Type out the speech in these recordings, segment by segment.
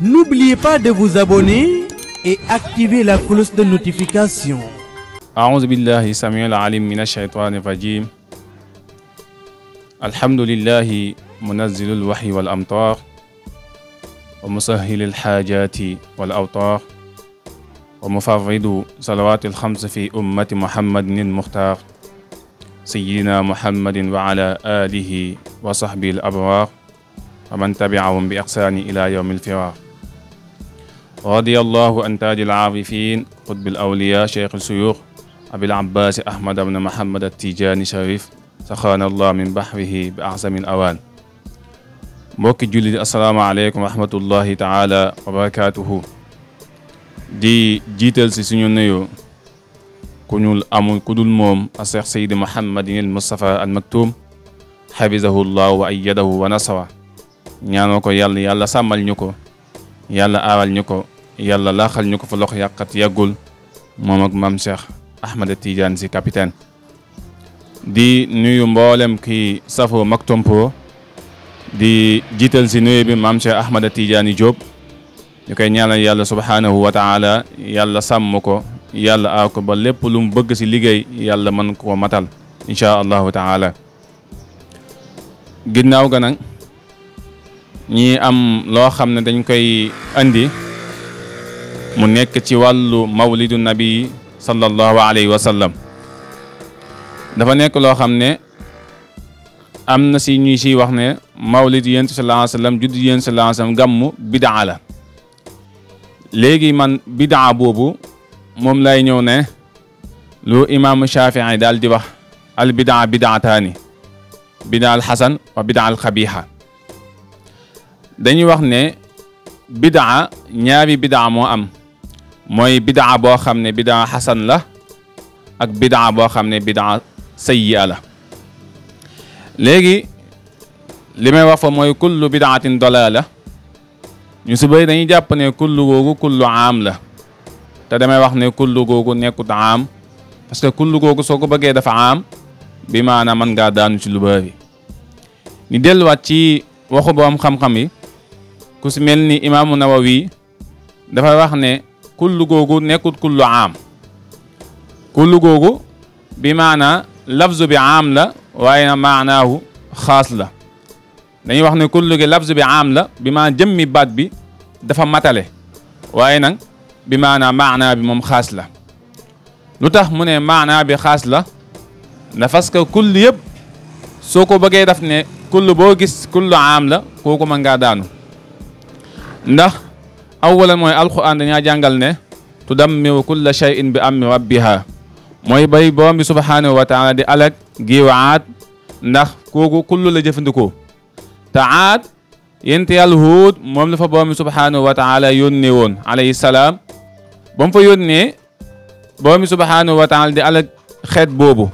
N'oubliez pas de vous abonner et activer la cloche de notification. A'oun billahi sami'a allam min et shaytan al-hajim. munazzil al wal-amtar wa musahilil al-hajat wal awtar wa mufawid salawat al fi ummati muhammadin min mukhtaq Sayyidina Muhammad wa ala alihi wa sahbi al ومن تبعهم بإحسان إلى يوم الفراق رضي الله عن تاج العارفين قطب الأولياء شيخ السيوخ أبي العباس أحمد بن محمد التيجاني شريف سخان الله من بحره بأعظم الأوان موك جلد السلام عليكم ورحمة الله تعالى وبركاته دي جيتل سي سنيو نيو كنو الأمون كدو الموم السيخ سيد محمد المصطفى المكتوم حفظه الله وأيده ونصره ñaanoo ko yàlla yàlla sàmmal ñu ko yàlla aaral ñu ko yàlla laaxal ñu ko fa lox yàqat yàggul moom ak mam Cheikh Ahmed Tidiane si capitaine. di nuyu mboolem ki safo Maktoum di jiital si nuyu bi mam Cheikh Ahmed Tidiane Diop ñu koy ñaanal yàlla subhanahu wa taala yàlla sàmm ko yàlla aar ko ba lépp lu mu bëgg si liggéey yàlla mën ko matal incha allahu taala ginnaaw ga nag ñi am loo xam ne dañ koy andi mu nekk ci wàllu mawlidu nabi sallallahu alayhi wa sallam dafa nekk loo xam ne am na si ñu wax ne mawlid yent sallallahu alayhi wa sallam judd yent sallallahu alayhi wa sallam gàmm bidaa la léegi man bidaa boobu moom lay ñëw ne lu imam Shafii daal di wax al bidaa bidaataani bidaa al xasan wa bidaa al xabiixa dañuy wax ne bidaa ñaari bidaa moo am mooy bidaa boo xam ne bidaa xasan la ak bidaa boo xam ne bidaa sayyi'a la léegi li may wax fa mooy kullu bidaatin dalaala ñu su bëri dañuy jàpp ne kullu googu kullu aam la te damay wax ne kullu googu nekkut aam parce que kullu googu soo ko bëggee dafa aam bi maanaam mën ngaa daanu ci lu bëri ñu delluwaat ci waxu boom xam-xam yi ku si mel ni imaamu nawawi dafa wax ne kullu googu nekkut kullu aam kullu googu bi maana lafzu bi aam la waaye na maanaahu xaas la dañuy wax ne kullu gi lafzu bi aam la bi maana jëmmi baat bi dafa matale waaye nag bi maana maanaa bi moom xaas la lu tax mu ne maanaa bi xaas la parce que kullu yëpp soo ko bëggee daf ne kullu boo gis kullu aam la kooku mën ngaa daanu ndax awalan mooy alquran dañaa jàngal ne tudammiru kulla shay'in bi amri rabbiha mooy bay borom bi subhanahu wa taala di alag giiwaat ndax kooku klu la jëfandikoo te aat yent yàlla huut moom la fa borom bi subhanahu wa taala yónnee woon alayhi salaam ba mu fa yónnee borom bi subhanahu wa taala di alag xeet boobu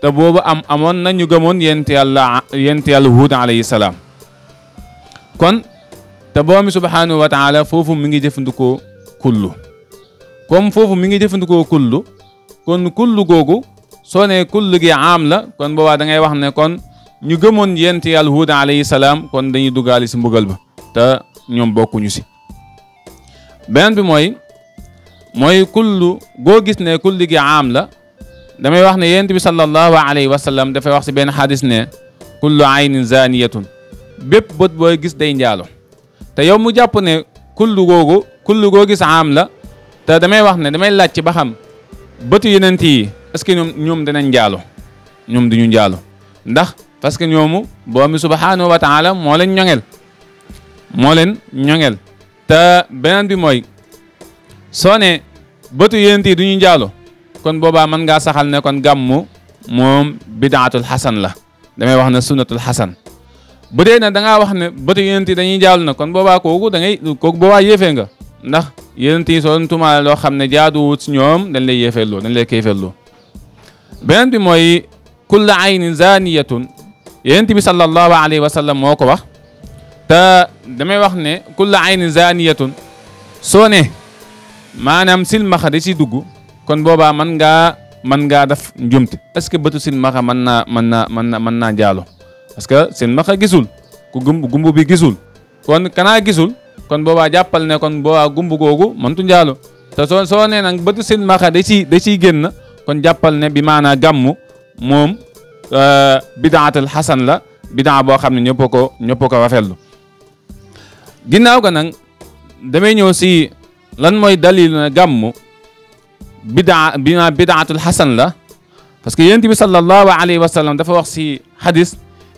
te boobu am amoon na ñu gëmoon yent yàlla yent yàlla huut alayhi salaam te borom bi subhaanahu wa taala foofu mi ngi jëfandikoo kullu comme foofu mi ngi jëfandikoo kullu kon kullu googu soo nee kullu gi aam la kon boobaa da ngay wax ne kon ñu gëmoon yent yàlla Huud alayhi salaam kon dañuy duggaale si mbugal ba te ñoom bokkuñu si beneen bi mooy mooy kullu goo gis ne kullu gi aam la damay wax ne yent bi sallallahu alayhi wa sallam dafay wax si benn xadis ne kullu aynin zaaniyatun bépp bët booy gis day njaalo te yow mu jàpp ne kullu googu kullu goo gis la te damay wax ne damay laaj ci ba xam bëtu yenent yi est ñoom ñoom danañ njaalo ñoom duñu njaalo ndax parce que ñoomu boo mi subhaanahu wa taala moo leen ñoŋel moo leen ñoŋel beneen bi mooy soo ne bëtu yenent yi duñu njaalo kon boobaa mën ngaa saxal ne kon gàmmu moom bidaatul xasan la damay wax ne sunnatul xasan bu dee na da ngaa wax ne bëtu yonent yi dañuy jaalu na kon boobaa kooku da ngay kooku boobaa yéefee nga ndax yonent yi soo tumaale loo xam ne jaaduwut si ñoom dañ lay yéefeeloo dañ lay kéefeeloo beneen bi mooy kullu aynin zaaniyatun yonent bi sallallahu alayhi wa sallam moo ko wax te damay wax ne kullu aynin zaaniyatun soo ne maanaam silmaxa da ci dugg kon boobaa mën ngaa mën ngaa def njumte est ce que bëtu silmaxa mën naa mën naa mën naa mën naa jaalo parce que seen maxa gisul ku gumb gumb bi gisul kon kanaa gisul kon boobaa jàppal ne kon boobaa gumb googu montu njaalo te soo soo nee nag bëtu seen maxa da ciy da ciy génn kon jàppal ne bi maanaa gàmmu moom euh, bidaatul xasan la bidaa boo xam ne ñëpp ko ñëpp ko rafetlu damay ñëw mooy dalilu ne la parce que yonent sallallahu alayhi wa sallam dafa wax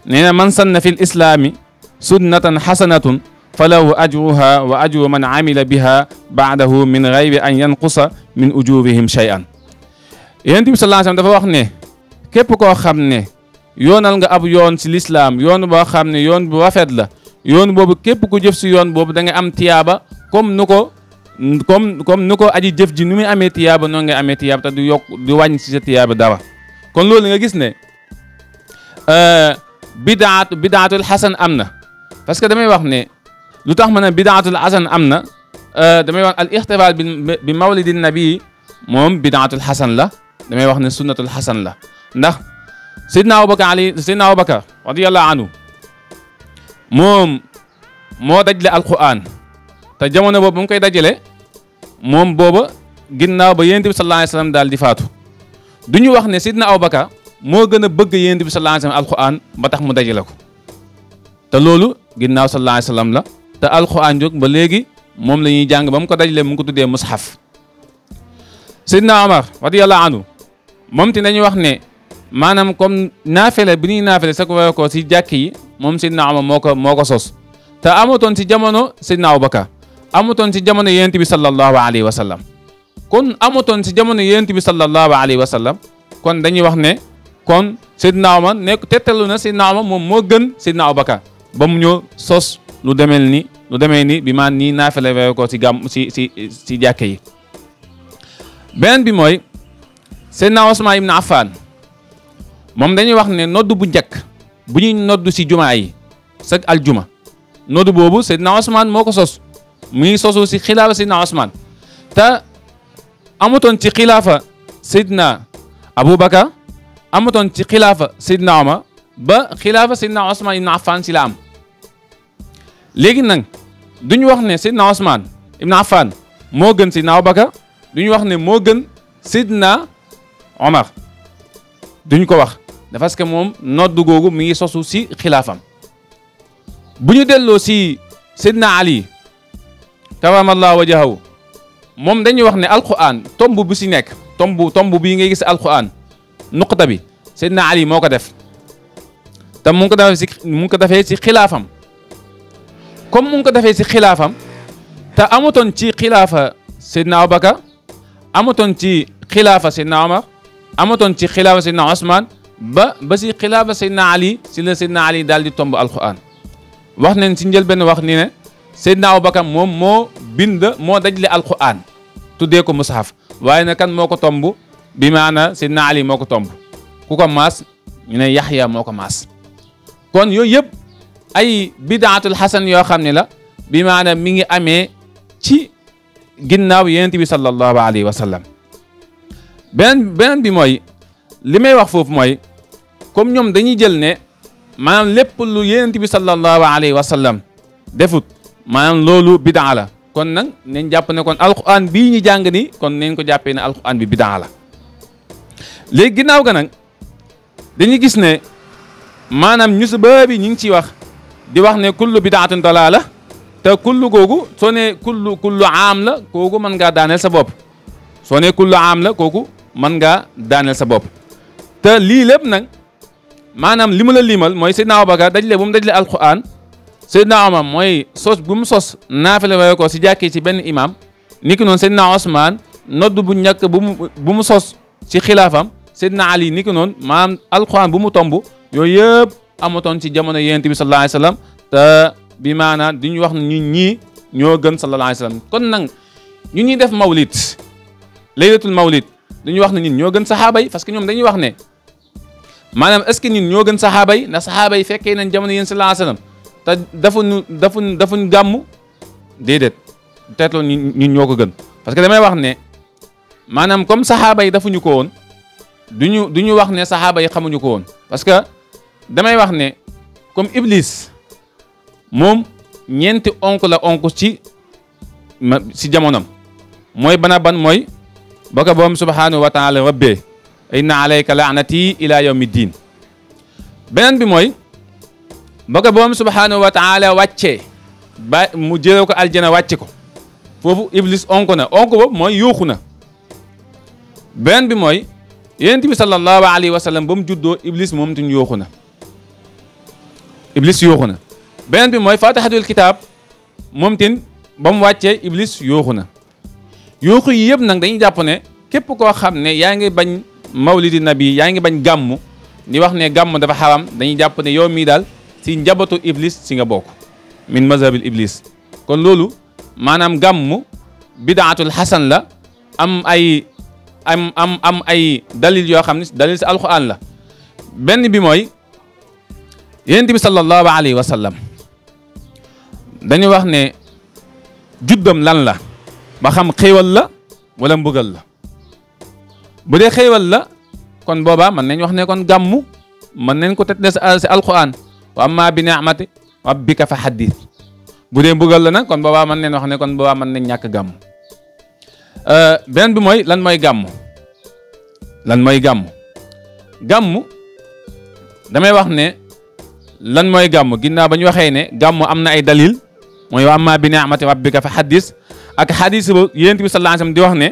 nee na man sanna fi l islaami sunnatan xasanatun falahu ajruha wa ajru man amila biha baadahu min gayri an yanqusa min ujurihim shay'an yonent bi sallallahu alayhi wasallam dafa wax ne képp koo xam ne yoonal nga ab yoon ci lislaam yoon boo xam ne yoon bu rafet la yoon boobu képp ku jëf si yoon boobu da nga am tiyaaba comme nu ko comme comme nu ko aji jëf ji nu muy amee tiyaaba noonu ngay amee tiyaaba te du yokk du wàññ si sa tiyaaba dara kon loolu nga gis ne bidaatu bidaatul xasan am na parce que damay wax ne lu tax ma ne bidaatul xasan am na damay wax al ixtifaal bi mawlidi nabi moom bidaatul xasan la damay wax ne sunnatul xasan la ndax Seydina Abubakar ali Seydina Abubakar radiyallahu anhu moom moo dajale alquran te jamono boobu mu koy dajale moom booba ginnaaw ba yonent bi sallallahu alayhi wa sallam daal di faatu du ñu wax ne Seydina Abubakar moo gën a bëgg yonent bi sallallahu alayhi wa sallam alquran ba tax mu dajale ko te loolu ginnaaw sallallahu alayhi wa la te alquran jóg ba léegi moom la ñuy jàng ba mu ko dajalee mu ngi ko tuddee mushaf Seydina Omar radiyallahu anhu moom ti dañuy wax ne maanaam comme naafele bi ñuy naafele sa ko wéy ko si jàkk yi moom Seydina Omar moo ko moo ko sos te amutoon si jamono Seydina Abubakar amutoon si jamono yonent bi sallallahu alayhi wa kon amutoon si jamono yonent bi sallallahu alayhi wa sallam kon dañuy wax kon Seydina Omar nekk tettalu na Seydina Omar moom moo gën Seydina Abubakar ba mu ñëw sos lu demel ni lu demee ni bi maan nii naafale wewe ko si gàmm si si si jàkke yi beneen bi mooy Seydina Osman ibn Affan moom dañuy wax ne nodd bu njëkk bu ñuy noddu si jumaa yi sag juma nodd boobu Seydina Osman moo ko sos mu ngi sosu si xilaafa Seydina Osman te amutoon ci xilaafa Seydina Abubakar amatoon ci xilaafa Seydina Omar ba xilaafa Seydina Ousmane Ibn Affan si la am léegi nag duñ wax ne Seydina Ousmane Ibn Affan moo gën Seydina Abubakar duñ wax ne moo gën Seydina Omar duñ ko wax parce que moom noddu googu mi ngi sosu si xilaafam bu ñu delloo si Seydina Ali karamallahu wajahahu moom dañuy wax ne alquran tomb bu si nekk tomb tomb bii ngay gis alquran nuqta bi Seydina Ali moo ko def te mu ngi ko defee si mu ngi ko defee si xilaafam comme mu ngi ko defee si xilaafam te amutoon ci xilaafa Seydina Abubakar amutoon ci xilaafa Seydina Omar amutoon ci xilaafa Seydina Ousmane ba ba si xilaafa Seydina Ali si la Seydina Ali daal di tomb alquran wax nañ si njëlbeen wax ni ne Seydina Abubakar moom moo bind moo dajale alquran tuddee ko mushaf waaye nag kan moo ko tomb bi maana Seydina Ali moo ko tomb ku ko maas ñu ne Yaxya moo ko maas kon yooyu yëpp ay bidaatul xasan yoo xam ne la bi maana mi ngi amee ci ginnaaw yonent bi sallallahu alayhi wa sallam beneen beneen bi mooy li may wax foofu mooy comme ñoom dañuy jël ne maanaam lépp lu yonent bi sallallahu alayhi wa sallam defut maanaam loolu bidaa la kon nag nañ jàpp ne kon alquran bii ñu jàng ni kon nañ ko jàppee ne alquran bi bidaa la léegi ginnaaw ga nag dañuy gis ne maanaam ñu si baabi ñu ngi ciy wax di wax ne kullu bidaatin dalaala te kullu kooku soo nee kullu kullu aam kooku mën ngaa daaneel sa bopp soo nee kullu aam kooku mën ngaa daaneel sa bopp te lii lépp nag maanaam li mu la limal mooy Seydina Abubakar dajale bu mu dajale alquran Seydina Omar mooy sos bu mu sos naafale waye ko si jàkkee ci benn imam niki noonu Seydina Osman nodd bu ñàkk bu mu bu sos si xilaafam Seydina Ali ni ko noonu maanaam alxuraan bu mu tomb yooyu yëpp amatoon ci jamono yonent bi sallallahu alayhi wasallam bi maanaam di wax ne ñun ñii ñoo gën sallallahu alayhi kon nag ñu ñuy def mawlid laylatul mawlid dañuy wax ne ñu ñoo gën saxaaba yi parce que ñoom dañuy wax ne maanaam est ce que ñun ñoo gën saxaaba yi ndax saxaaba yi fekkee nañ jamono yéen sallallahu alayhi wasallam te dafuñu dafuñ dafuñ gàmm déedéet teetloon ñun ñoo ko gën parce que damay wax ne maanaam comme saxaaba yi dafuñu ko woon du ñu du ñu wax ne saxaaba yi xamuñu ko woon parce que damay wax ne comme Iblis moom ñeenti onk la onk ci ma si jamonom mooy bana ban mooy ba ko boom subhanahu wa taala rabbee inna alayka laanati ila yawmi beneen bi mooy ba ko boom subhanahu wa taala wàccee ba mu jëlee ko aljana wàcce ko foofu Iblis onk na onk boobu mooy yuuxu na beneen bi mooy yonent bi sallallahu alayhi wa sallam ba mu juddoo iblis moom tuñ yooxu na iblis yooxu na beneen bi mooy fatihatul kitaab moom tin ba mu wàccee iblis yooxu na yooxu yëpp nag dañuy jàpp ne képp koo xam ne yaa ngi bañ mawlidi nabi yaa ngi bañ gàmm di wax ne gàmm dafa xaram dañuy jàpp ne yow mii daal si njabatu iblis si nga bokk min mazhabil iblis kon loolu maanaam gàmm bidaatul xasan la am ay am am ay dalil yoo xam ne dalil si alquran la benn bi mooy yonent bi sallallahu alayhi wa sallam dañu wax ne juddam lan la ba xam xéewal la wala mbugal la bu dee xéewal la kon boobaa mën nañ wax ne kon gàmmu mën nañ ko tëddee uh, si alquran wa amma bi ni'mati rabbika fa xaddis bu dee mbugal la nag kon boobaa mën nañ wax ne kon boobaa mën nañ ñàkk gàmmu beneen bi mooy lan mooy gàmm lan mooy gàmm gàmm damay wax ne lan mooy gàmm ginnaaw ba ñu waxee ne gàmm am na ay dalil mooy wa amma bi ni'mati rabbika fa xaddis ak xadis ba yonent bi sallallahu alayhi wasallam di wax ne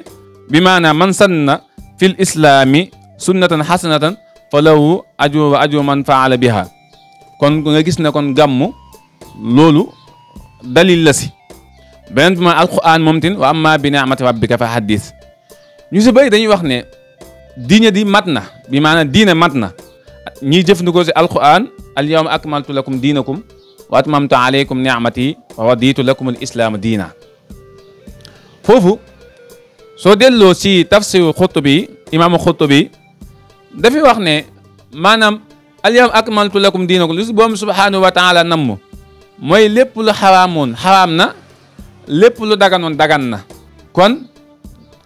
bi maanaam man sanna fil islaami sunnatan xasanatan fa lahu ajru wa ajru man faala biha kon nga gis ne kon gàmm loolu dalil la si beneen bi mooy alquran moom tin wa amma bi ni'mati rabbika fa haddis ñu si bëri dañuy wax ne diine di mat na bi maanaam diine mat na ñiy jëfandikoo si alquran al yawma akmaltu lakum diinakum wa atmamtu alaykum ni'mati wa raditu lakum al islaama diina foofu soo delloo si tafsiru Xurtubi imaamu Xurtubi dafay wax ne maanaam al yawma akmaltu lakum diinakum lu si boom subhanahu wa taala namm mooy lépp lu xaraamoon xaraam na lépp lu daganoon dagan na kon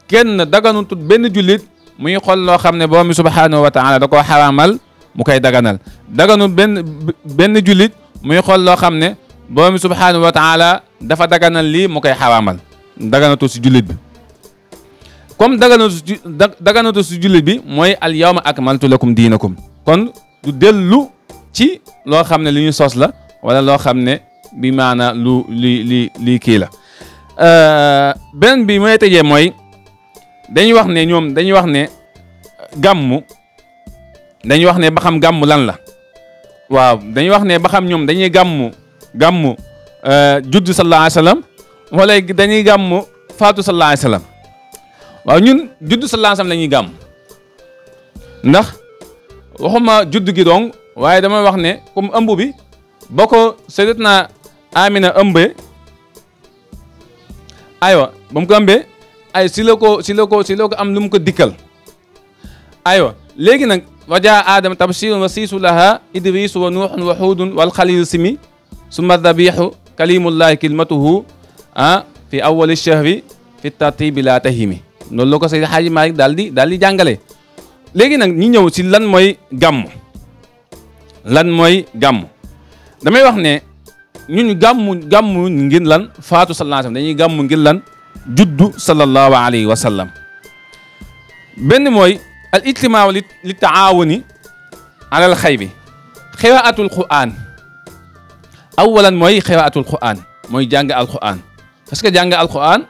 kenn daganuntut benn jullit muy xool loo xam ne borom bi subhaanahu wa taala da koo xaraamal mu koy daganal daganul benn benn jullit muy xool loo xam ne borom bi subhaanahu wa taala dafa daganal lii mu koy xaraamal daganatu si jullit bi comme daganatu si daganatu si jullit bi mooy al yawma akmaltu lakum diinakum kon du dellu ci loo xam ne li ñu sos la wala loo xam ne bi maana lu li li lii kii la Euh, beneen bi may tëjee mooy dañuy wax ne ñoom dañuy wax ne euh, gàmmu dañuy wax ne ba xam lan la waaw dañuy wax ne ba ñoom dañuy gàmmu gàmmu euh, juddu sallallahu alayhi wa sallam wala dañuy gàmmu faatu sallallahu alayhi wa waaw ñun juddu sallallahu alayhi wa sallam la ñuy gàmm ndax waxuma juddu gi waaye dama wax ne comme ëmb bi ba ko Amina ëmbee aywa ba mu ko ay si la ko si la ko am lu mu ko dikkal aywa léegi nag wajaa aadama tabshirun wa siisu laha idrisu wa nuuxun wa xuudun wal xalilu simi summa dabixu kalimullahi kilmatuhu ah fi awali chahri fi tartibi laa tahimi loolu la ko Seydi Xaaji Maalik daal di daal di jàngale léegi nag ñu ñëw si lan mooy gàmm lan mooy gàmm damay wax ne ñun gàmmu gàmmu ngir lan faatu sallallahu alayhi wa sallam dañuy gàmmu ngir lan juddu sallallahu alayhi wa sallam benn mooy al ijtimaa li li taawuni alal xay bi xiraatul quran awalan mooy xiraatul quran mooy jàng alquran parce que jàng alquran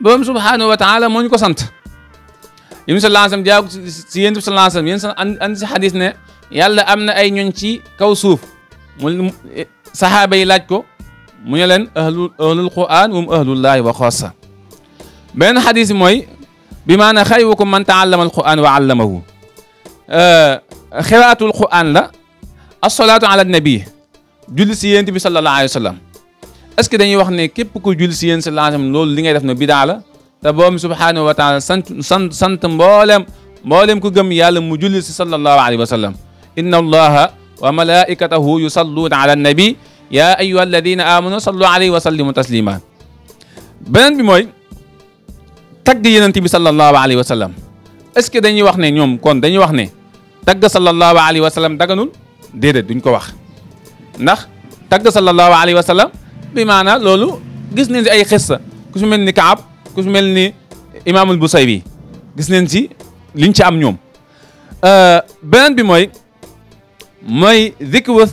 borom subhanahu wa taala moo ñu ko sant yéen sallallahu alayhi wa sallam jaa si yéen sallallahu alayhi wa sallam yéen an si xadis ne yàlla am na ay ñoñ ci kaw suuf mu saxaaba yi laaj ko mu ne leen ahlu ahlul quran wum ahlullaahi wa xoosa beneen xadis mooy bi maana xayrukum man taallama alquran wa allamahu xiraatul quran la asolaatu ala nabi julli si yéent bi sallallahu alayhi wa sallam est-ce que dañuy wax ne képp ku julli si yéen sallallahu alayhi wa li ngay def na bidaa la te boom subhaanahu wa taala sant sant sant mboolem mboolem ku gëm yàlla mu julli sallallahu alayhi wa sallam inna وملائكته يصلون على النبي yaa ayyuha alladina amanu sallu alayhi wa sallimu taslima beneen bi mooy tagg yenent bi sallallahu alayhi wa sallam est-ce que dañuy wax ne ñoom kon dañuy wax ne tagg sallallahu alayhi wa sallam daganul déedéet duñ ko wax ndax tagg sallallahu alayhi wa sallam bi maanaa loolu gis neen si ay xissa ku su mel ni Kaab ku su mel ni imaamul Busayri gis neen si liñ ci am ñoom beneen bi mooy مي ذكر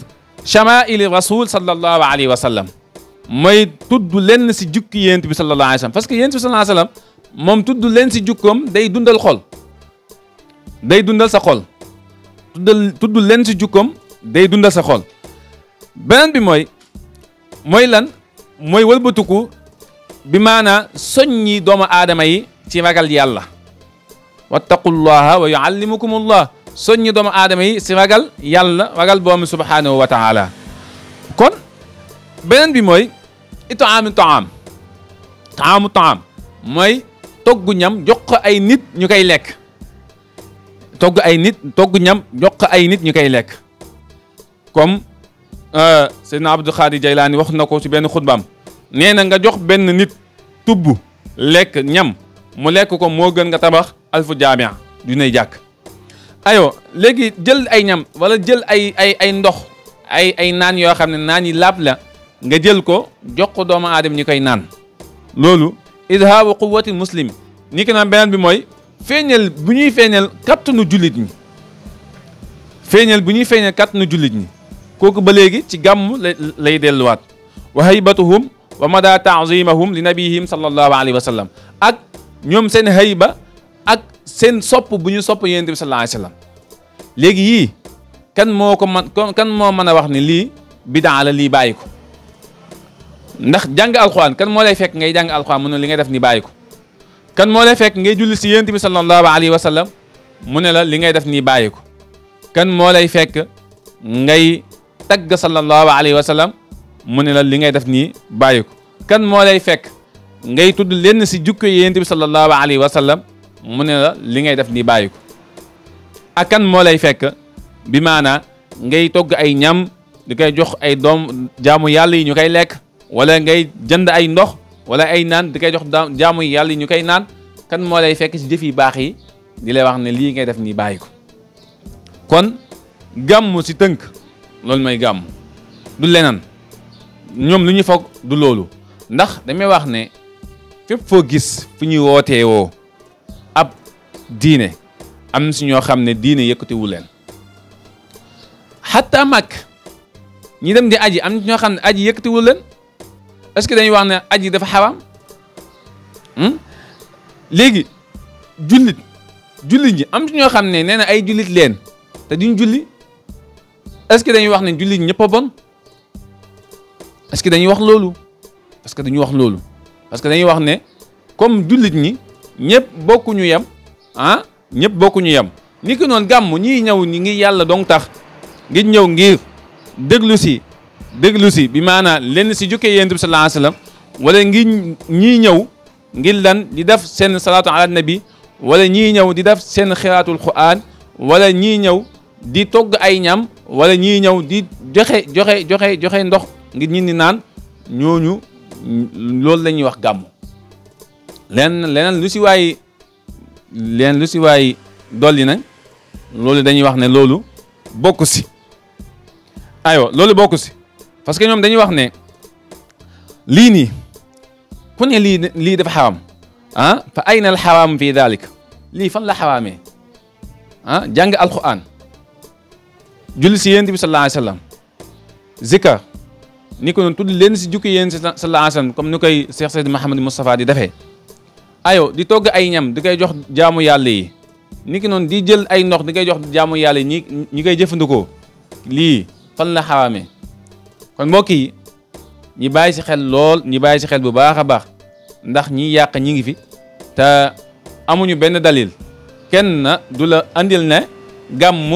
شمائل الرسول صلى الله عليه وسلم مي تد لن سجك ينتبي صلى الله عليه وسلم فسك ينتبي صلى الله عليه وسلم مم تد لن سجكم داي دون الخل داي دون سخل تد لن سجكم داي دون سخل بان بموي موي لان موي ولبتكو بمعنى سني دوم آدمي في مجال يالله واتقوا الله ويعلمكم الله soññu doomu aadama yi si ragal yàlla ragal boobu subhaanahu wa taala kon beneen bi mooy itaamu taam taamu taam mooy toggu ñam jox ko ay nit ñu koy lekk togg ay nit togg ñam jox ko ay nit ñu koy lekk comme euh, Seydina Abdul Xaadir Jaylaani wax na ko ci benn xutbaam nee na nga jox benn nit tubb lekk ñam mu lekk ko moo gën nga tabax alfu jaamia du nay jàkk aywa léegi jël ay ñam wala jël ay ay ay ndox ay ay naan yoo xam ne naan yi laab la nga jël ko jox ko doomu aadama koy naan loolu idhaabu quwati muslim ni ki naan beneen bi mooy feeñal bu ñuy feeñal kattanu jullit ñi feeñal bu ñuy feeñal kattanu jullit ñi kooku ba léegi ci gàmm lay delluwaat wa haybatuhum wa mada taazimahum li nabihim sallallahu alayhi wa sallam ak ñoom seen hayba ak seen sopp bu ñu sopp yonent bi sallallahu alayhi wasallam léegi yii kan moo ko man kan moo mën a wax ni lii bidaa la lii bàyyi ko ndax jàng alxuraan kan moo lay fekk ngay jàng alxuraan mu li ngay def ni bàyyi ko kan moo lay fekk ngay julli si yonent bi sallallahu alayhi wasallam mu ne la li ngay def nii bàyyi kan moo lay fekk ngay tagg sallallahu alayhi wasallam mu ne la li ngay def nii bàyyi ko kan moo lay fekk ngay tudd lenn si jukko yonent bi sallallahu alayhi wasallam mu ne la li ngay def nii bàyyi ko ak kan moo lay fekk bi maanaa ngay togg ay ñam di kay jox ay doom jaamu yàlla yi ñu koy lekk wala ngay jënd ay ndox wala ay naan di koy jox jaamu yàlla yi ñu koy naan kan moo lay fekk ci jëf yi baax yi di lay wax ne lii ngay def nii bàyyi ko kon gàmm ci tënk loolu mooy gàmm du leneen ñoom lu ñu foog du loolu ndax damay wax ne fépp foo gis fu ñuy wootee woo diine am na si ñoo xam ne diine yëkkatiwu leen xatta màkk ñi dem di aji am na ñoo xam ne aji yëkkatiwu leen est que dañuy wax ne aji dafa xaram hmm? léegi jullit jullit ñi am si ñoo xam ne nee na ay jullit leen te duñ julli est-ce que dañuy wax ne jullit ñëpp bon est que dañuy wax loolu est que dañuy wax loolu parce que dañuy wax ne comme jullit ñi ñëpp bokkuñu yem ah ñëpp bokkuñu yem ni ki noonu gàmm ñii ñëw ñi ngi yàlla dong tax ngir ñëw ngir déglu si déglu si bi maanaa lenn si jukkee yonent bi sallallahu alayhi wala ngir ñii ñëw ngir lan di def seen salaatu ala nabi wala ñii ñëw di def seen xiraatul quran walla ñii ñëw di togg ay ñam wala ñii ñëw di joxe joxe joxe joxe ndox ngir ñi ni naan ñooñu loolu lañuy wax gàmmu leneen lu si waay leen lu si waay dolli na loolu dañuy wax ne loolu bokku si aywa loolu bokku si parce que ñoom dañuy wax ne lii nii ku ne lii lii dafa xaram ah fa ayna al xaraam fii dalik lii fan la xaraamee ah jàng alquran julli si yonent bi sallallahu alayhi wa sallam zikar ni ko noonu tudd leen si jukki yonent si sallallahu alayhi wa sallam comme ni koy Cheikh Seydi Mahamadou Moustapha di defee ayo di togg ay ñam di koy jox jaamu yàlla yi niki noonu di jël ay ndox di koy jox jaamu yàlla yi ñi ñi koy jëfandikoo lii fan la xaramee kon mbokk yi ñi bàyyi si xel lool ñi bàyyi si xel bu baax a baax ndax ñi yàq ñi ngi fi te amuñu benn dalil kenn du la andil ne gàmm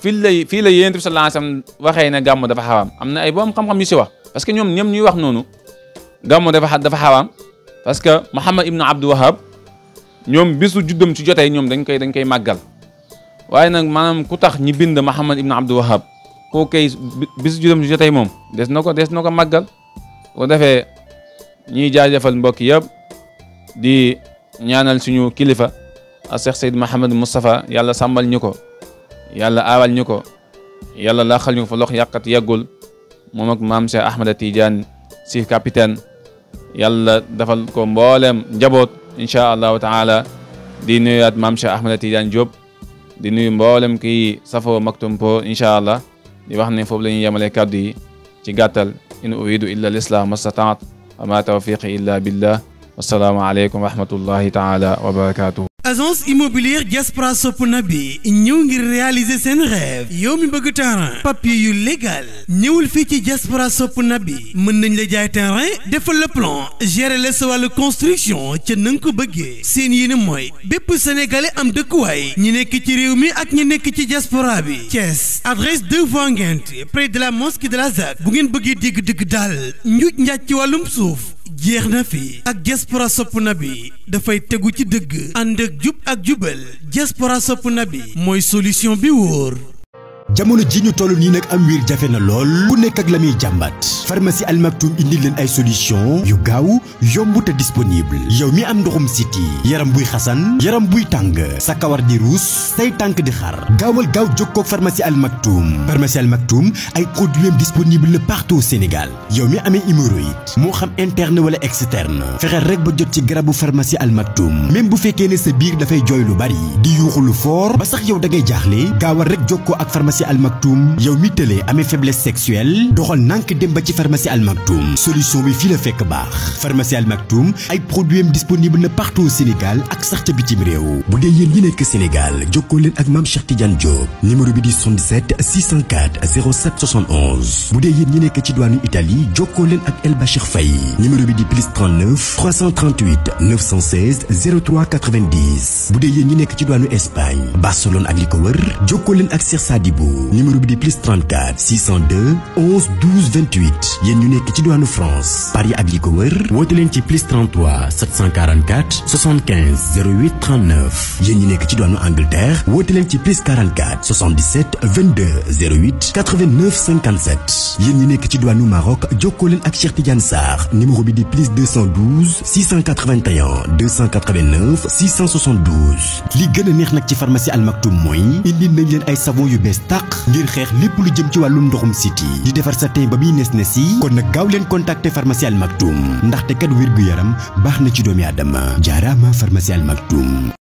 fi la fii la yonent bi sallallahu alayhi waxee ne gàmm dafa xaram am na ay boom xam-xam yu si wax parce que ñoom ñoom ñuy wax noonu gàmm dafa dafa xaram parce que Muhammad ibn Abdou Wahab ñoom bisu juddam ci jotee ñoom dañ koy dañ koy màggal waaye nag maanaam ku tax ñi bind Muhammad ibn Abdou Wahab koo koy bisu juddam ci jotee moom des na ko des na ko màggal bu defee ñuy jaajëfal mbokk yëpp di ñaanal suñu kilifa a Cheikh Seyd Mahamad Moustapha yàlla sàmmal ñu ko yàlla aawal ñu ko yàlla laaxal ñu ko fa lox yàqat yàggul moom ak maam Cheikh Ahmada Tidiane si capitaine يلا دفل كوم بولم جبوت ان شاء الله تعالى دي نيات مامشا احمد تيجان جوب دي نيو مبولم كي صفو مكتوم بو ان شاء الله دي وخني يا يامالي كادي تي غاتال ان اريد الا الاسلام ما استطعت وما توفيقي الا بالله والسلام عليكم ورحمه الله تعالى وبركاته agence immobilière diaspora sopp na bi ñëw ngir réaliser seen rêve yow mi bëgg terrain papier yu légal ñëwul fii ci diaspora sopp na bi mën nañ la jaay terrain defal le plan gérer la sa wàllu construction ca na nga ko bëggee seen yéene mooy bépp sénégalais am dëkkuwaay ñi nekk ci réew mi ak ñi nekk ci diaspora bi Thiès adresse 2 voie Nguinth près de la mosquée de la ZAC bu ngeen bëggee dégg dëgg daal njuuj njaaj ci wàllum suuf jeex na fi ak diaspora sopp na bi dafay tegu ci dëgg ànd ak jub ak jubal diaspora sopp na bi mooy solution bi wóor jamono ji ñu toll nii nag am wiir jafe na lool ku nekk ak la muy jàmbat pharmacie almaktum indi leen ay solution yu gaaw yomb te disponible yow mi am ndoxum siti yaram buy xasan yaram buy tàng sa kawar di ruus say tànk di xar gaawal gaaw jokkoog pharmacie almaktum pharmacie almaktum ay produit am disponible na partout Sénégal yow mi amee hémorroïde moo xam interne wala externe fexeel rek ba jot ci garabu pharmacie almaktum même bu fekkee ne sa biir dafay jooy lu bari di yuuxu lu fort ba yow da pharmacie Al Maktoum yow mi télé amé faiblesse sexuelle doxal nank dem ba ci pharmacie Al Maktoum solution bi fi la fekk bax. pharmacie Al Maktoum ay produits disponibles disponible partout au Sénégal ak sax ca bitim réew bu dee ñi nekk Sénégal joko leen ak Mam Cheikh Tidiane Diop numéro bi di 77 604 07 71 bu dee ñi nekk ci douane Italie joko leen ak El Bachir Faye numéro bi di 39 338 916 03 90 bu dee ñi nekk ci douane Espagne Barcelone ak Liko wër joko leen ak Cheikh Sadibou numéro de plus 34 602 11 12 28 Yenine ñu nekk France Paris ak li ko wër plus 33 744 75 08 39 yéen ñu nekk ci Angleterre woote leen plus 44 77 22 08 89 57 Yenine ñu nekk ci Maroc Djokolen leen ak Cheikh Tidiane numéro de plus 212 681 289 672 li gëna neex ci pharmacie Al Maktoum indi nañ len savon yu tak ngir xex lepp lu jëm ci walum ndoxum city di defar sa tey ba mi nes nesi kon nak gaw len contacter pharmacie al maktoum ndax te kat wirgu yaram baxna ci domi adama jarama pharmacie al maktoum